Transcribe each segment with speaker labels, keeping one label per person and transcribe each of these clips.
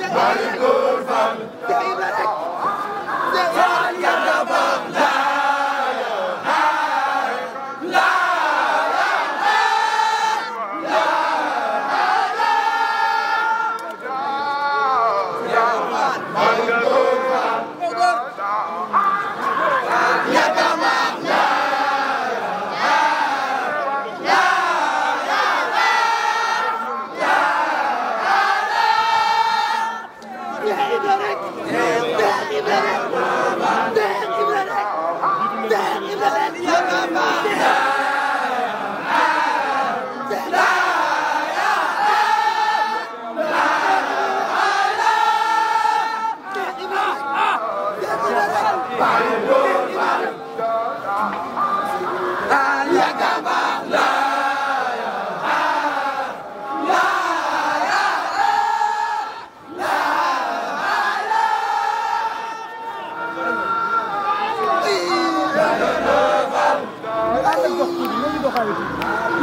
Speaker 1: Malick Malick Dee bi la rek dee bi la rek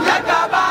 Speaker 1: yàgg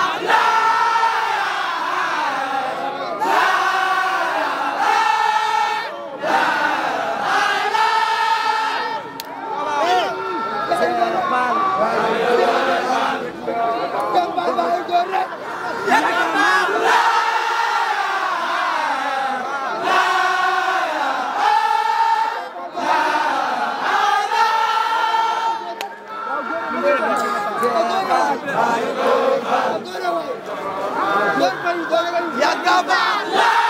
Speaker 1: Yàgg ba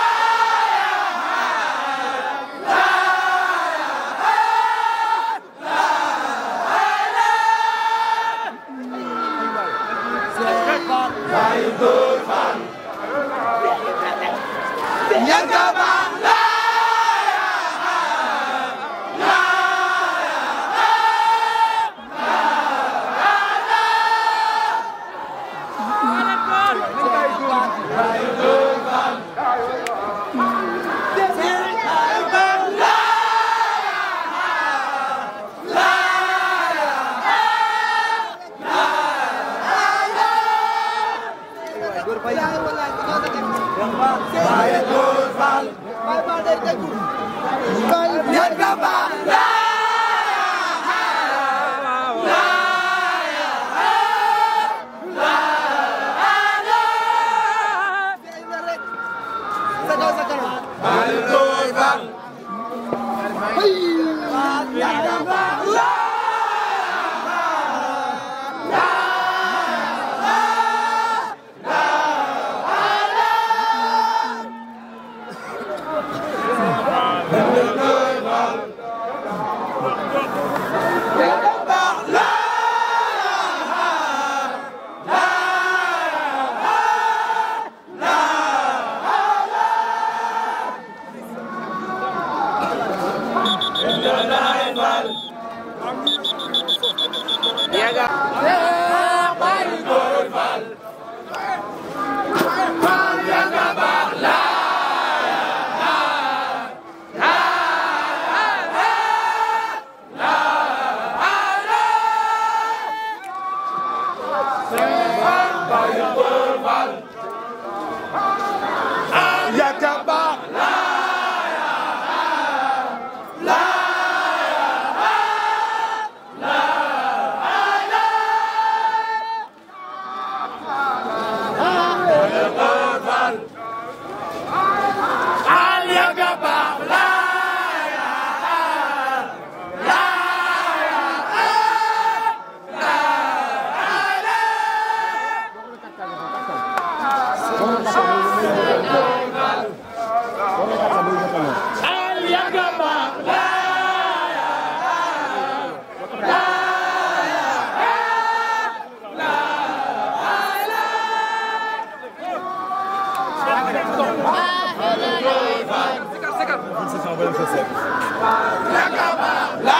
Speaker 1: Balenciaga.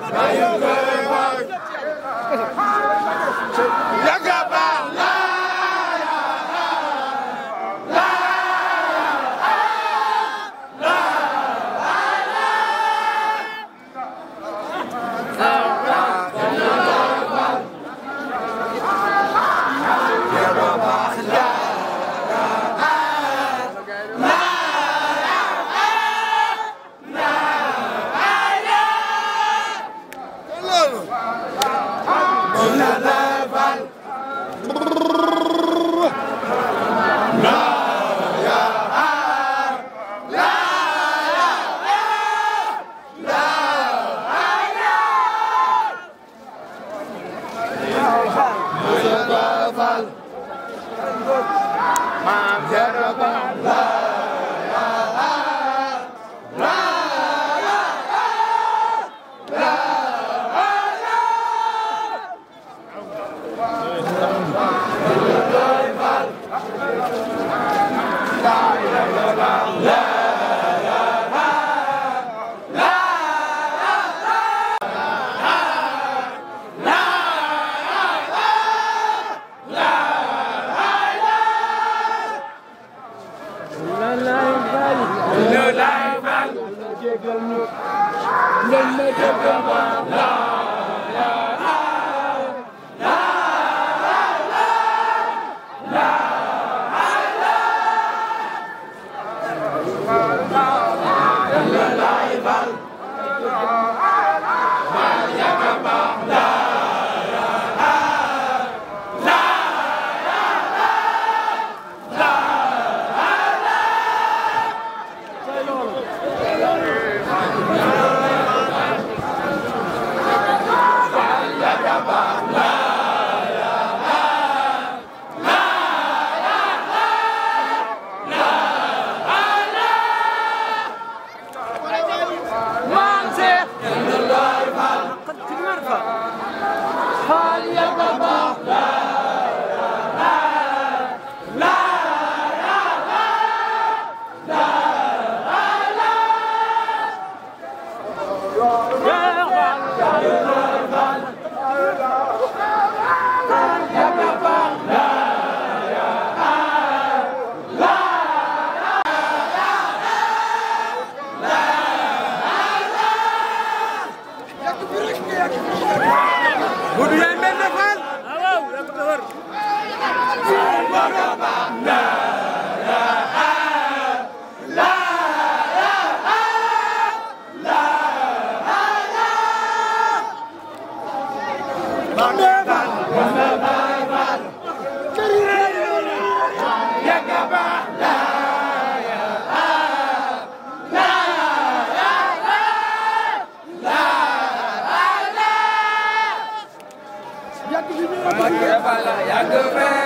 Speaker 1: Bayou Kër Mag Allah akbar Allahu akbar de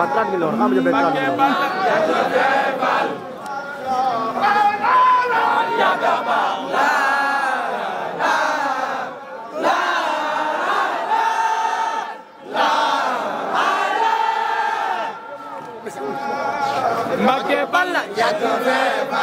Speaker 1: പത്താം kilo ആമജ ബെത്താം Mbacke Balla yàgg fee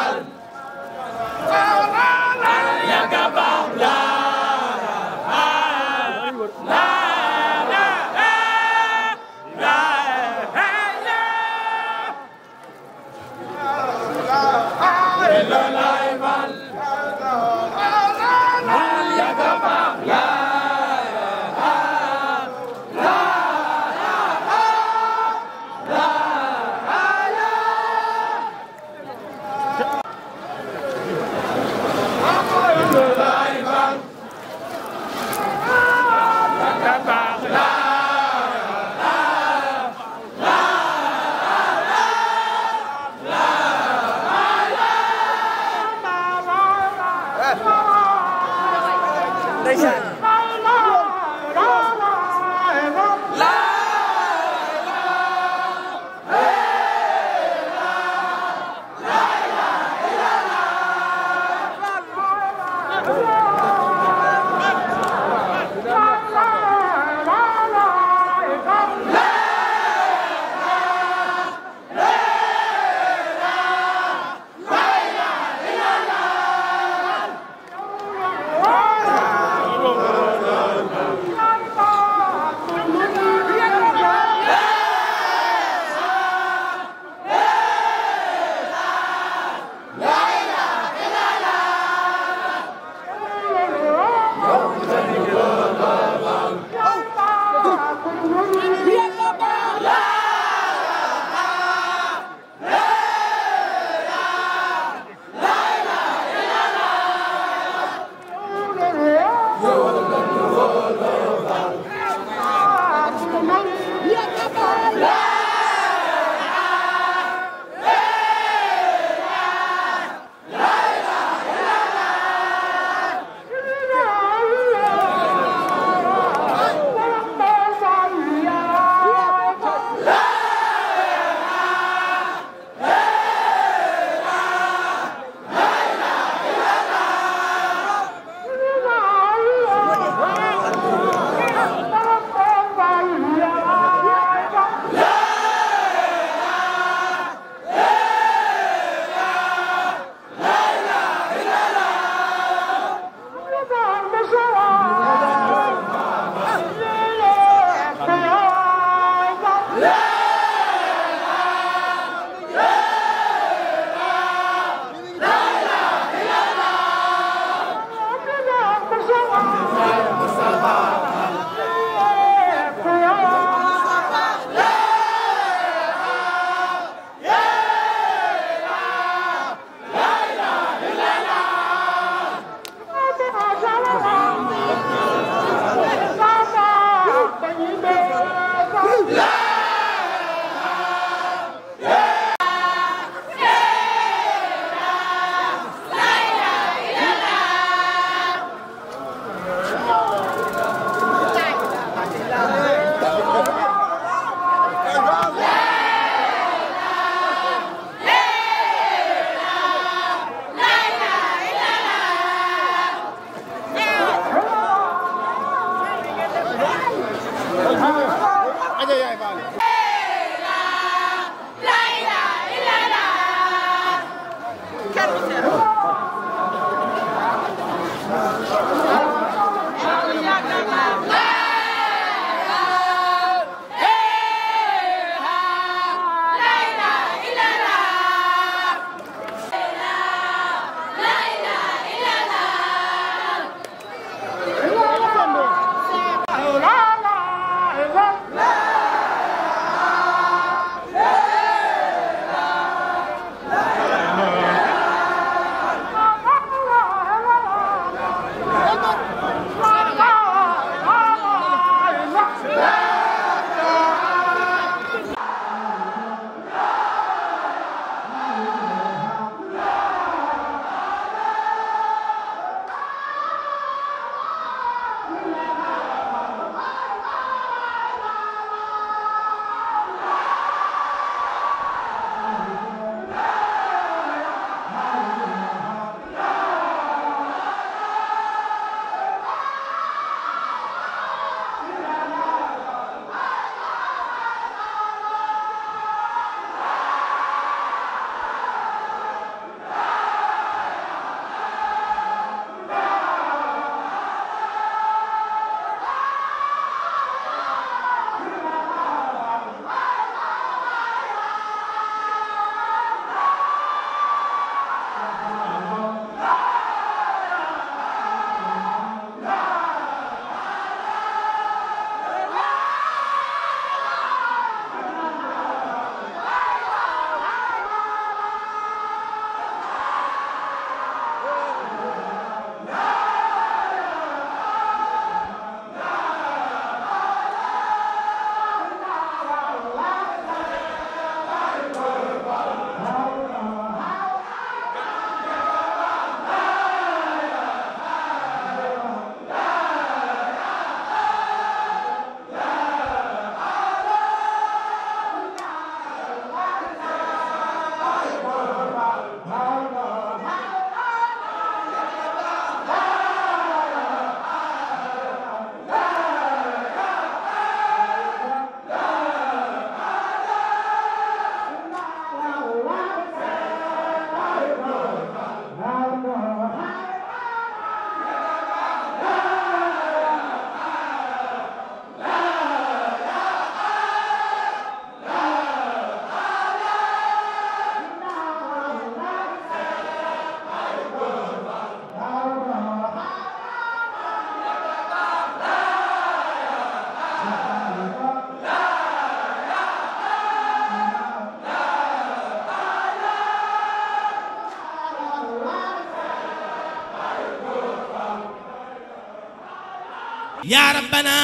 Speaker 1: yaa rabbana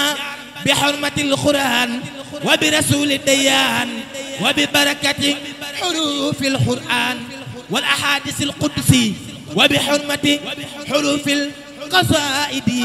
Speaker 1: bi xurmatil quraan wa bi rasuuli dayaan wa bi barakati xuruufil quraan wal axaadiisil qudsi wa bi xurmati xuruufil qasaa'idi